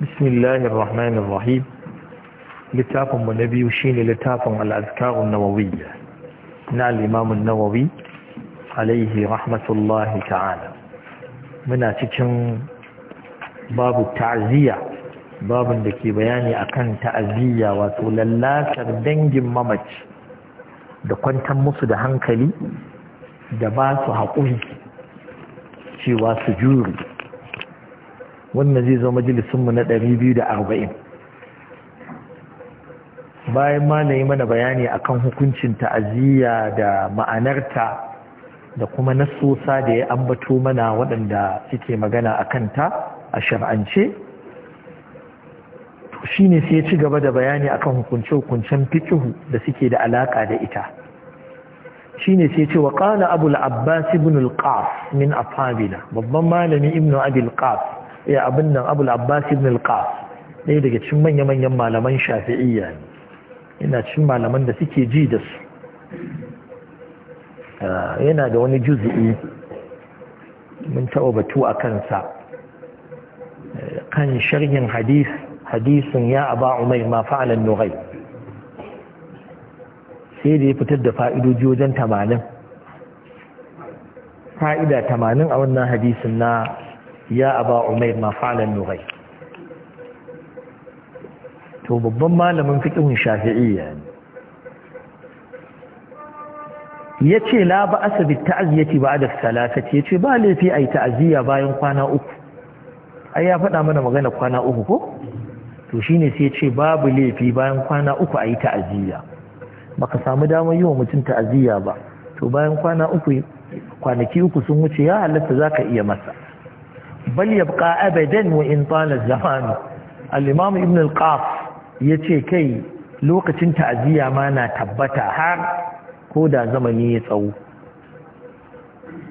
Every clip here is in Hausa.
بسم الله الرحمن الرحيم لتاف النبي شين لتاف الأذكار النووية نال الإمام النووي عليه رحمة الله تعالى من أتكن باب التعزية باب دكي بياني أكن تعزية وتقول لا تردنج ممج da kwantar musu da hankali da ba su haƙuri cewa su juri wannan zai zo mu na ɗari 240 bayan ma na yi mana bayani akan hukuncin ta'aziyya da ma'anarta da kuma nasosa da ya ambato mana waɗanda suke magana a kanta a shar'ance shi ne sai ci gaba da bayani akan hukunce-hukuncen fikihu da suke da alaƙa da ita shi ne sai ce wa ƙala abu al'abbas ibn al min afabila babban malami ibn abu al ya abin nan abul abbas ibn al-qas ɗaya daga cikin manya-manyan malaman shafi'iyya ne yana cikin malaman da suke ji da su ah, yana da wani juzi'i mun taɓa batu a kansa eh, kan sharhin hadis hadisin ya aba umar ma fa'alan nuhai sai da ya fitar da fa'idoji wajen tamanin fa'ida tamanin a wannan hadisin na ya aba umar ma fa'alan nughai to babban malamin fiqhin shafi'iyya ne yace la ba asa bi ta'ziyati ba'da salatati yace ba laifi ai ta'aziyya bayan kwana uku a ya faɗa mana magana kwana uku ko to shine sai ce babu laifi bayan kwana uku ta'aziyya ta'ziya baka samu damar yi wa mutum ta'aziyya ba to bayan kwana uku kwanaki uku sun wuce ya halatta zaka iya masa bal yabqa abadan wa in tala zamanu al-imam ibn al-qaf yace kai lokacin ta'aziyya ma na tabbata har ko da zamani ya tsawo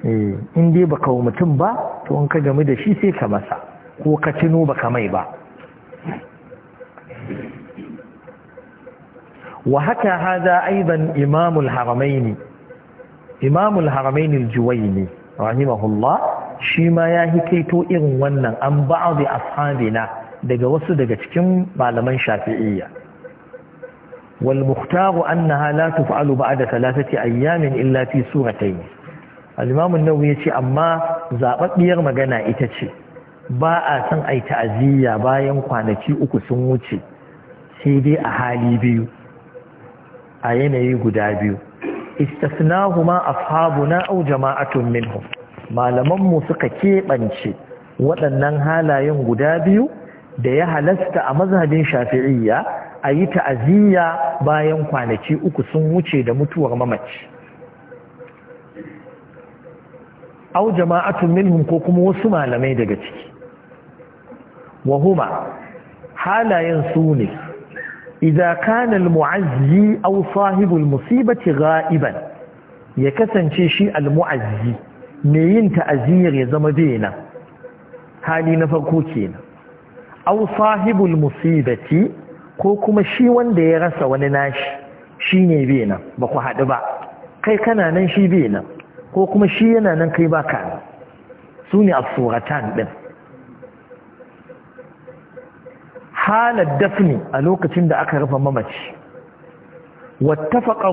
eh in baka mutum ba to in ka gami da shi sai ka masa ko ka tuno baka mai ba وحكى هذا أيضا إمام الحرمين إمام الحرمين الجويني رحمه الله shi ma ya yi kaito irin wannan an ashabi na daga wasu daga cikin malaman shafi'iyya wal muhtaru annaha la tuf'alu ba'da thalathati ayyamin illa fi suratayn al-imam an-nawawi yace amma zababbiyar magana ita ce ba a san ai ta'aziyya bayan kwanaki uku sun wuce sai dai a hali biyu a yanayi guda biyu istasnahuma ashabuna aw jama'atun minhum malamanmu suka keɓance waɗannan halayen guda biyu da ya halasta a mazhabin shafi'iyya a yi ta'aziyya bayan kwanaki uku sun wuce da mutuwar mamaci au jama'atun minhum ko kuma wasu malamai daga ciki wahuma halayen su ne Iza kana al-mu'azzi aw sahibul musibati ghaiban ya kasance shi al-mu'azzi me yin ta'aziyar ya zama bena hali na farko kenan aw sahibul musibati ko kuma shi wanda ya rasa wani nashi shine bena ba ku haɗu ba kai kana nan shi bena ko kuma shi yana nan kai ba ka su ne asuratan ɗin halar dafni a lokacin da aka rufe mamaci wattafaqa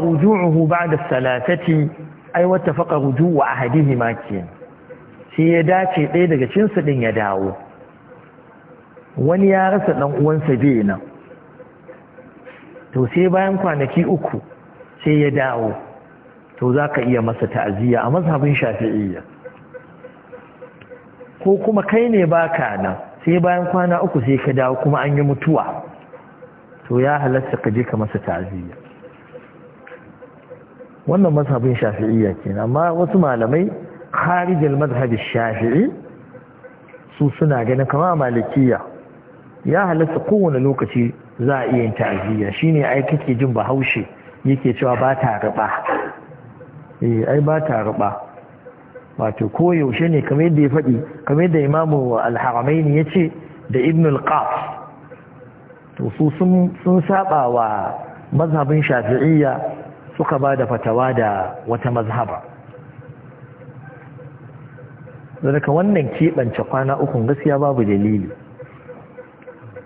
ba da salatati ai wata faƙa ruju wa ahadihi ma ke shi ya dace ɗaya daga cinsu ɗin ya dawo wani ya rasa ɗan uwansa bai nan to sai bayan kwanaki uku sai ya dawo to za ka iya masa ta'aziyya a mazhabin shafi'iyya ko kuma kai ne baka nan sai bayan kwana uku sai ka dawo kuma an yi mutuwa to ya halatta ka je ka masa ta'aziyya wannan mazhabin shafi'iyya ke amma wasu malamai kharijal mazhabin shafi'i su suna ganin kama malikiya ya halatta kowane lokaci za a iya yin ta'aziyya ne ai kake jin bahaushe yake cewa ba ta riba eh ai ba ta riba wato ko yaushe ne kamar yadda ya faɗi kamar yadda imamu al-haramaini ya ce da ibn al-qaf to su sun saba wa mazhabin shafi'iyya suka ba da fatawa da wata mazhaba zarka wannan keɓance kwana uku gaskiya babu dalili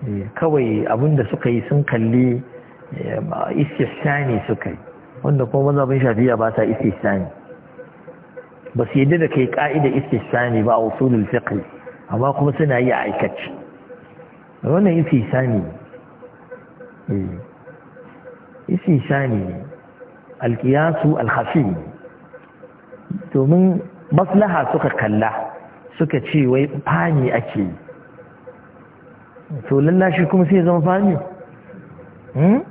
eh, kawai abinda suka yi sun kalli eh, istihsani suka yi wanda kuma mazhabin shafiya ba ta istihsani ba su yadda da kai ka'ida istihsani ba a usulul fiqh amma kuma suna yi a aikace wannan istihsani ne eh, istihsani ne alkiyasu alhafi domin maslaha suka kalla suka ce wai fani ake yi to lallashi kuma sai zama fani hmm?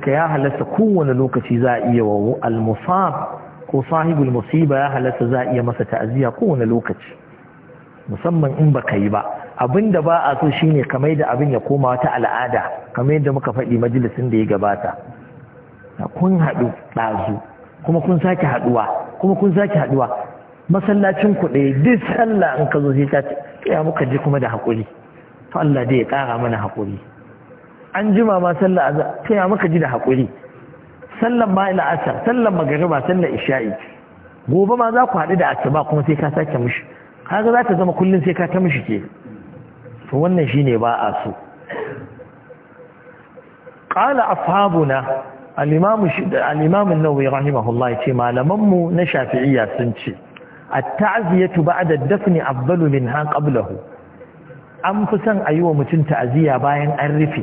ka ya halatta kowane lokaci za a iya wa al-musab ko sahibul musiba ya halatta za a iya masa ta'aziyya kowane lokaci musamman in baka yi ba abinda ba a so shine kamar da abin ya koma wata al'ada kamar yadda muka faɗi majalisin da ya gabata kun haɗu ɗazu kuma kun sake haɗuwa kuma kun sake haɗuwa masallacin ku ɗaya duk sallah in ka zo sai ta ce ya muka je kuma da haƙuri to Allah dai ya ƙara mana haƙuri an jima ma sallah azza to ya muka ji da haƙuri sallan ma ila asar sallan magariba sallan isha'i gobe ma za ku haɗu da asuba kuma sai ka sake mishi kaga za ta zama kullum sai ka ta mishi ke to wannan shine ba a so qala ashabuna al'imamun nauyi rahimahullah ya ce malamanmu na shafi'iyya sun ce a ta'aziyyatu ba da dafni abbalu min ha ƙablahu an fi son a yi wa mutum ta'aziyya bayan an rufe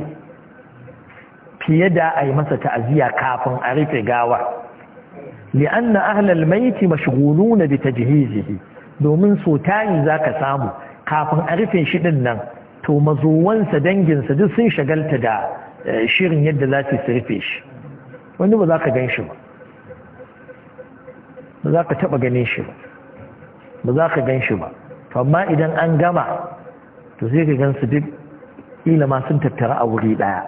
fiye da a yi masa ta'aziyya kafin a rufe gawa li'anna ahlal maiti mashghuluna bi tajhizihi domin so tayi zaka samu kafin a rufe shi din nan to mazuwansa danginsa duk sun shagalta da eh, shirin yadda za su rufe shi wani ba za ka gan shi ba ba za ka taɓa ganin shi ba ba za ka gan shi ba amma idan an gama to sai ka gan su duk ƙila ma sun tattara a wuri ɗaya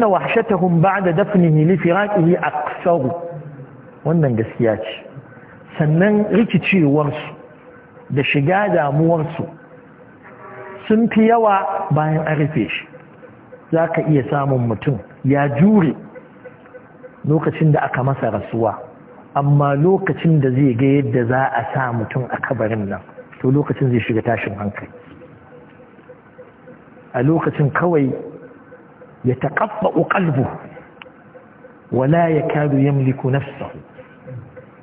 da وحشتهم بعد دفنه لفراقه أقصر wannan gaskiya ce sannan rikicewarsu da shiga damuwarsu sun fi yawa bayan an rufe shi za ka iya samun mutum ya jure lokacin da aka masa rasuwa amma lokacin da zai ga yadda za a sa mutum a kabarin nan to lokacin zai shiga tashin hankali a lokacin kawai ya taƙaɓa ƙalbu wala ya kado yamliku nafsa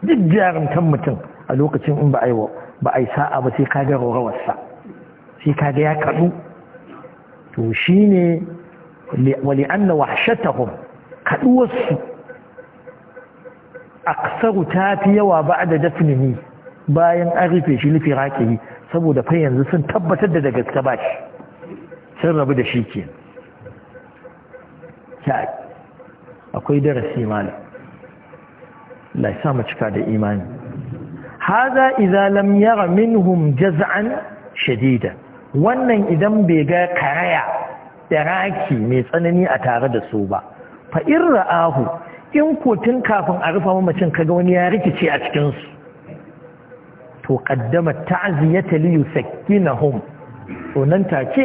duk jarumtan mutum a lokacin in ba a yi a sa'a ba sai kaga rawarsa sai kaga ya kaɗu to shi ne Wali an na wahashata hun kaduwarsu ta fi yawa ba da dafinini bayan an rufe shi lufi rake yi saboda fa yanzu sun tabbatar da daga ba shi sun rabu da shi ke akwai darasi mana lai sa cika da imani haza izalam yara minhum jaz'an shadida wannan idan bai ga karaya da mai tsanani a tare da su ba fa in ra'ahu in kotun kafin a rufa mamacin kaga wani ya rikice a cikin su to qaddama ta'ziyata li yusakkinahum to nan take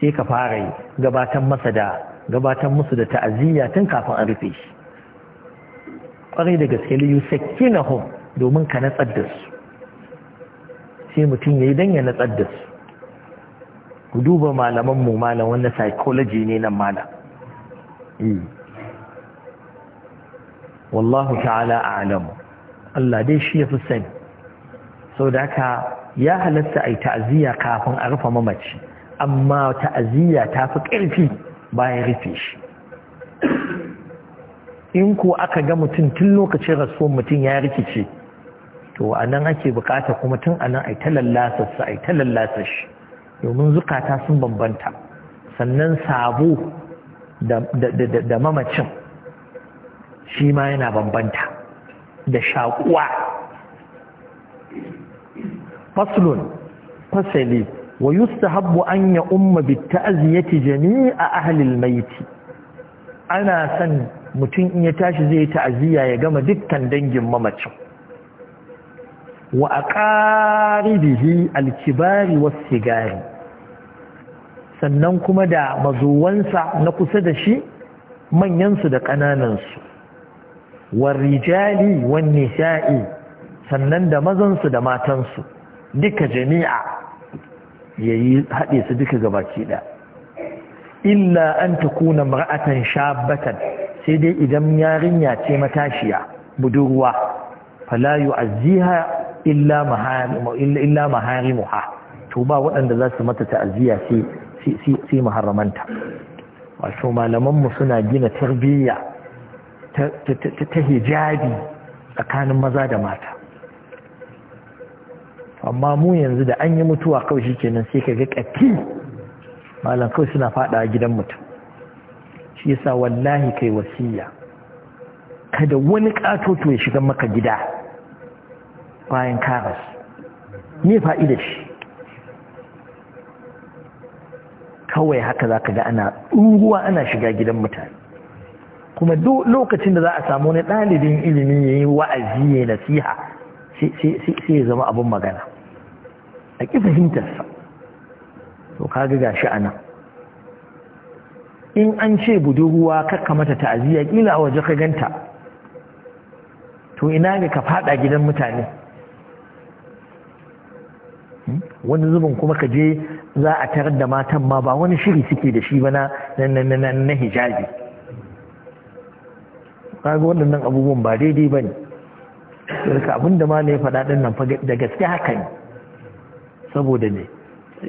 sai ka fara yi gabatar masa da gabatar musu da ta'aziyya tun kafin a rufe shi kwarai da gaske li yusakkinahum domin ka natsar da su sai mutum yayi dan ya natsar da su ku duba malaman mu malam wannan psychology ne nan malam eh. wallahu ta'ala alam Allah dai shi yafi sani da haka ya halatta ai ta'aziyya kafin a rufe mamaci amma ta'aziyya ta fi ƙarfi bayan rufe shi in ko aka ga mutum tun lokacin rasuwar mutum ya rikice to anan ake bukata kuma tun anan ai ta lallasa su ai ta lallasa shi domin zukata sun bambanta sannan sabo da mamacin shi ma yana bambanta da shaƙuwa. faslun fasali wa yustahabbu an ya umma bi ta'ziyati jami'a a mayt ana san mutum in ya tashi zai ta'ziya ya gama dukkan dangin mamacin wa aqaribihi alkibari sigari, sannan kuma da mazuwansa na kusa da shi manyansu da ƙananansu warijali wanne nisa'i sannan da mazansu da matansu duka jami'a yayi haɗe su duka gabaki ɗaya illa an kuna mar'atan shabbatan sai dai idan yarinya ce matashiya budurwa fala yu'azziha illa maharimuha to ba waɗanda za su mata ta'aziyya sai maharamanta wato malamanmu suna gina tarbiyya ta hijabi tsakanin maza da mata amma mu yanzu da an yi mutuwa kawai shi kenan sai ka ga ƙafi malam kawai suna faɗa gidan mutum shi yasa wallahi kai wasiya kada wani ƙatoto ya shiga maka gida bayan karas ne fa'ida shi kawai haka za ka ga ana ɗunguwa ana shiga gidan mutane kuma lokacin da za a samu wani ɗalibin ilimi ya yi wa'azi ya nasiha sai ya zama abin magana a ƙi fahimtarsa to kaga gashi a nan in an ce budurwa kakka mata ta'aziyya ƙila a waje ka ganta to ina ga ka faɗa gidan mutane wani zubin kuma ka je za a tarar da matan ma ba wani shiri suke da shi ba na na hijabi kaga waɗannan abubuwan ba daidai ba ne daga abin da ma ya faɗa ɗin nan da gaske haka ne saboda ne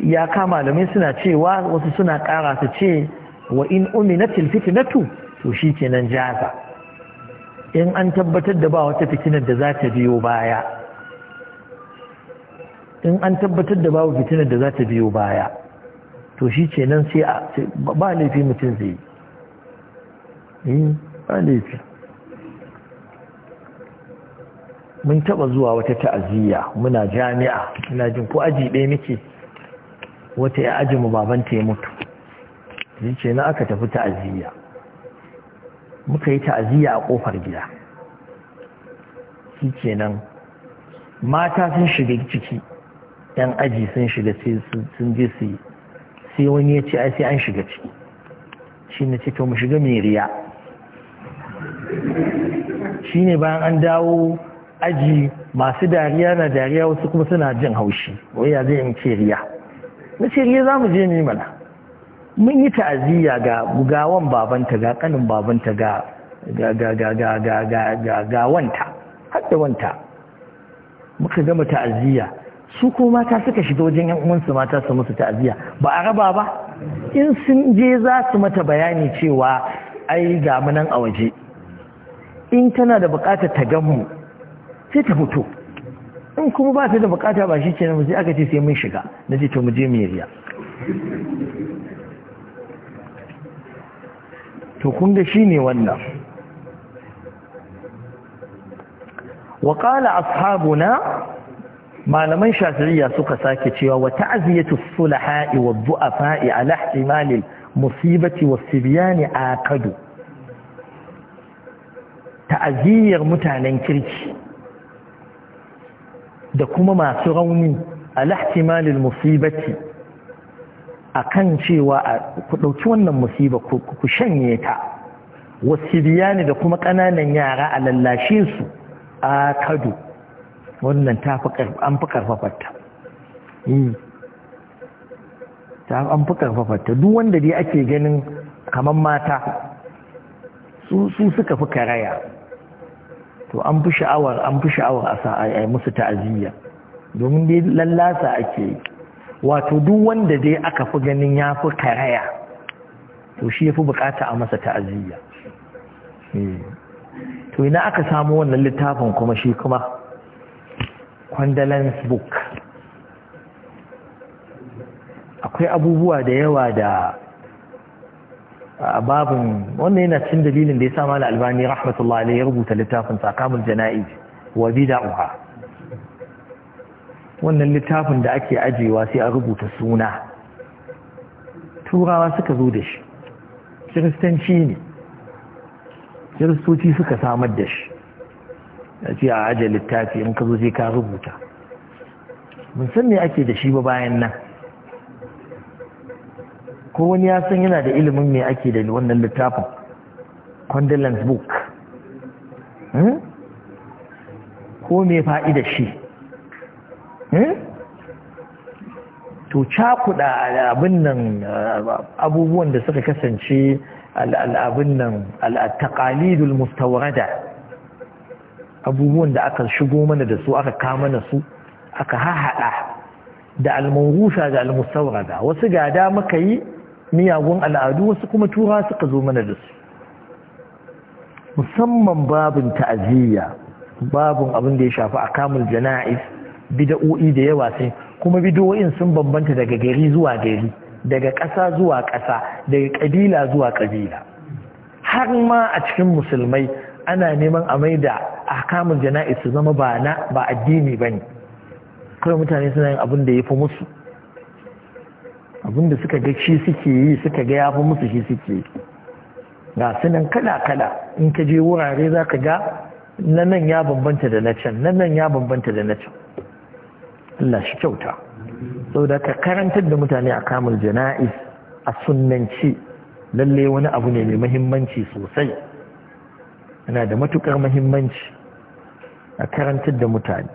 ya kama malamai suna cewa wasu suna ƙara su ce wa in na na tu to shi kenan jaza in an tabbatar da ba wata fitinar da za ta biyo baya in an tabbatar da babu fitinar da za ta biyo baya to shi ce nan sai a ba laifi mutum zai yi eh, ba laifi mun taba zuwa wata ta'aziyya muna jami'a muna jin ko aji ɗaya muke wata ya aji mu ta ya mutu shi ce na aka tafi ta'aziyya muka yi ta'aziyya a kofar gida shi ce nan mata sun shiga ciki yan aji sun shiga sun je su sai wani ya ce ai sai an shiga ciki shi na ce to mu shiga mai riya shi ne bayan an dawo aji masu dariya na dariya wasu kuma suna jin haushi wai ya zai in ce riya na ce riya za mu je mu yi mana mun yi ta'aziyya ga bugawan babanta ga kanin babanta ga ga ga ga ga ga ga wanta har da wanta muka gama ta'aziyya su ko mata suka shiga wajen yan uwansu mata su musu ta'aziyya ba a raba ba in sun je za su mata bayani cewa ai ga mu nan a waje in tana da bukata ta gan sai ta fito in kuma ba ta da bukata ba shi ce na sai aka ce sai mun shiga na ce to mu je mu riya to kun ga shine wannan wa qala ashabuna malaman shafi'iyya suka sake cewa wa ta'ziyatu sulaha'i wa du'afa'i ala ihtimali musibati wa sibyani aqadu ta'ziyyar mutanen kirki da kuma masu rauni ala ihtimali musibati akan cewa ku dauki wannan musiba ku shanye ta wa sibyani da kuma kananan yara a lallashe su aqadu wannan ta fi an fi karfafatta hmm. ta an fi karfafatta duk wanda dai ake ganin kamar mata su suka fi karaya to an fi sha'awar an fi sha'awar a sa ai musu ta'aziyya domin dai lallasa ake wato duk wanda dai aka fi ganin ya fi karaya to shi ya fi bukata a masa ta'aziyya hmm. to ina aka samu wannan littafin kuma shi kuma condolence book akwai abubuwa da yawa da a babin wannan yana cin dalilin da ya sa mala albani rahmatullahi alaihi rubuta littafin sakamul jana'i wa Uha. wannan littafin da ake ajiyewa sai a rubuta suna turawa suka zo da shi kiristanci ne kiristoci suka samar da shi a ce a ajiye littafi in ka zo sai ka rubuta mun san me ake da shi ba bayan nan ko wani ya san yana da ilimin me ake da wannan littafin condolence book hmm? ko me da shi hmm? to cakuɗa abin nan abubuwan da suka kasance al'abin nan al'atakalidul mustawarada abubuwan da aka shigo mana da su aka kama mana su aka hahaɗa da almangusa da almusaurada wasu gada muka yi miyagun al'adu wasu kuma tura suka zo mana da su musamman babin ta'aziyya babin abin da ya shafi a kamun jana'iz bida'o'i da yawa sai kuma bidoyin sun bambanta daga gari zuwa gari daga ƙasa zuwa ƙasa daga ƙabila zuwa ƙabila har ma a cikin musulmai ana neman a mai da kamun jana'i su zama ba na ba addini ba ne. kawai mutane suna yin abin da ya fi musu abin da suka ga shi suke yi suka ga fi musu shi suke yi ga sunan kala kala in ka je wurare za ka ga na nan ya bambanta da na can na nan ya bambanta da na can Allah shi kyauta saboda ka karantar da mutane a kamul jana'iz a sunnanci lalle wani abu ne mai muhimmanci sosai yana da matukar mahimmanci a karantar da mutane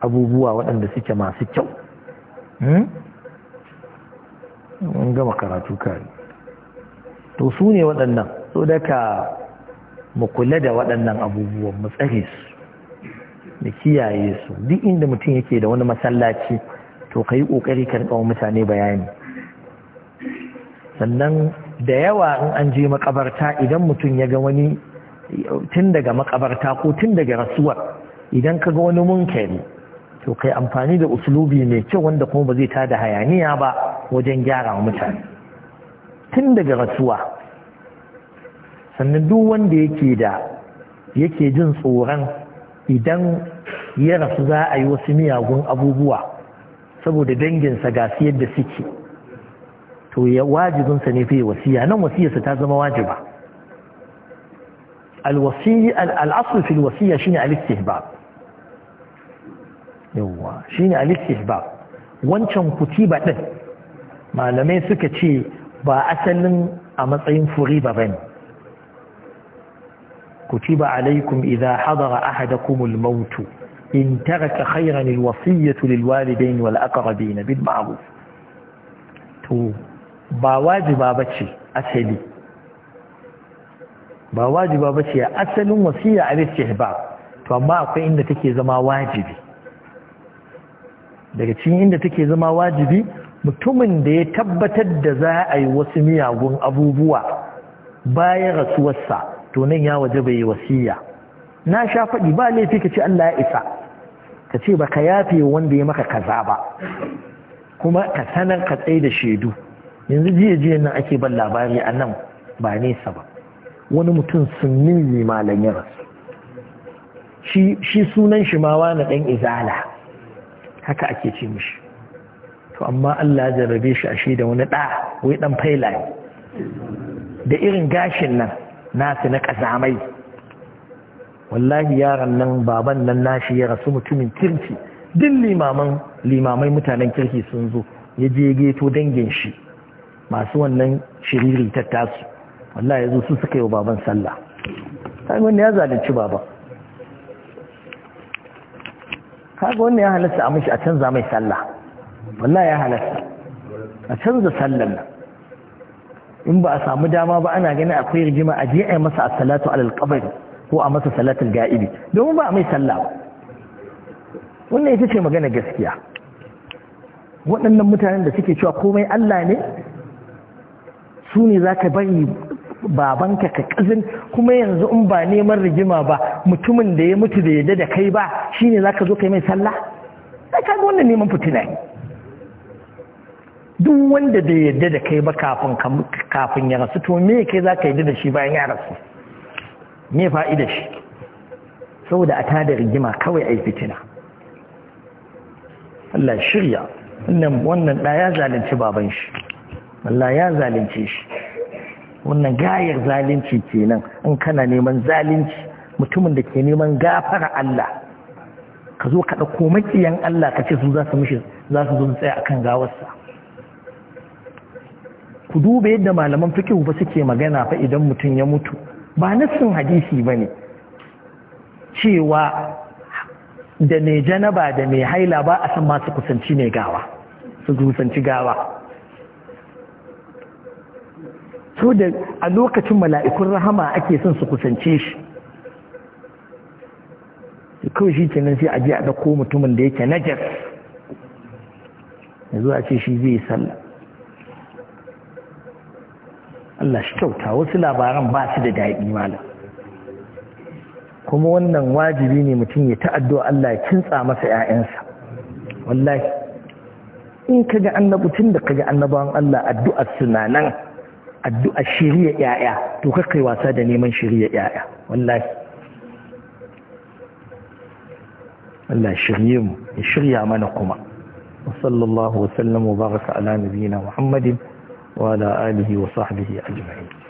abubuwa waɗanda suke masu kyau hmm? mun gama karatu kare to su ne waɗannan so daga mu kula da waɗannan abubuwan mu tsare su da kiyaye su duk inda mutum yake da wani masallaci to ka yi ƙoƙari karɓar mutane bayani sannan da yawa in an je makabarta idan mutum ya ga wani tun daga makabarta ko tun daga rasuwar idan ka ga wani munkari to kai amfani da usulubi mai kyau wanda kuma ba zai tada hayaniya ba wajen gyara mutane tun daga rasuwa sannan duk wanda yake da yake jin tsoron idan ya rasu za a yi wasu miyagun abubuwa saboda danginsa ga yadda suke to ya wajibinsa ne fiye wasiya nan wasiyarsa ta zama wajiba الوصية الأصل في الوصية شين الاستهباب يوه شين الاستهباب وانشان كتيبة ما لم يسكى شيء با أسل أمطعين فغيبة بين كتيبة عليكم إذا حضر أحدكم الموت إن ترك خيرا الوصية للوالدين والأقربين بالمعروف تو با بابتشي بشي أسهلي ba wajiba ba ce asalin wasiya a istihbab to amma akwai inda take zama wajibi daga cikin inda take zama wajibi mutumin da ya tabbatar da za a yi wasu miyagun abubuwa bayan rasuwarsa to nan ya waje bai yi wasiya na sha faɗi ba laifi ka ce Allah ya isa ka ce ba ka yafe wanda ya maka kaza ba kuma ka sanar ka tsaye da shaidu yanzu jiya jiya nan ake ban labari a nan ba nesa ba wani mutum sunni ne malam ya rasu shi sunan shi ma wani ɗan izala haka ake ce mishi to amma Allah ya jarrabe shi ashe da wani ɗa wai ɗan ne. da irin gashin nan nasu na kazamai. wallahi yaran nan baban nan nashi ya rasu mutumin kirki din limaman limamai mutanen kirki sun zo ya je geto dangin shi masu wannan shiriri ta tasu ya zo su suka yi wa baban sallah kai wanda ya zalunci Baban? kaga wani ya halasta a mashi a canza mai sallah wallahi ya halasta a canza sallar nan in ba a samu dama ba ana ganin akwai rigima a je a yi masa salatu alal qabri ko a masa salatul ga'ibi domin ba a mai sallah ba wannan ita ce magana gaskiya waɗannan mutanen da suke cewa komai Allah ne su ne za ka bari babanka ka kazin kuma yanzu in ba neman rigima ba mutumin da ya mutu da yadda da kai ba shine ka zo kai mai sallah sai ka ga wannan neman fitina ne duk wanda da yadda da kai ba kafin kafin ya rasu to me kai za ka yadda da shi bayan ya rasu me fa'ida shi saboda a tada rigima kawai a yi fitina Allah shirya wannan wannan da ya zalunci baban shi Allah ya zalunce shi wannan gayar zalunci kenan in kana neman zalunci mutumin da ke neman gafara Allah ka zo ka ɗauko maƙiyan Allah ka ce su za su mishi za su zo tsaya akan gawarsa ku duba yadda malaman fikihu ba suke magana fa idan mutum ya mutu ba nassin hadisi ba ne cewa da mai janaba da mai haila ba a san masu kusanci ne gawa su kusanci gawa so da a lokacin mala'ikun rahama ake son su kusance shi kawai shi ke nan sai a ji a ɗauko mutumin da yake najas yanzu a ce shi zai sallah Allah shi kyauta wasu labaran ba su da daɗi mala kuma wannan wajibi ne mutum ya ta'addo Allah ya kintsa masa ‘ya'yansa wallahi in kaga annabutun da kaga annabawan Allah addu'ar suna nan الشريعة يا تكقي واسادة نيمان شريعة يا يا والله والله شريم الشريعة ما نقوم وصلى الله وسلم وبارك على نبينا محمد وعلى آله وصحبه أجمعين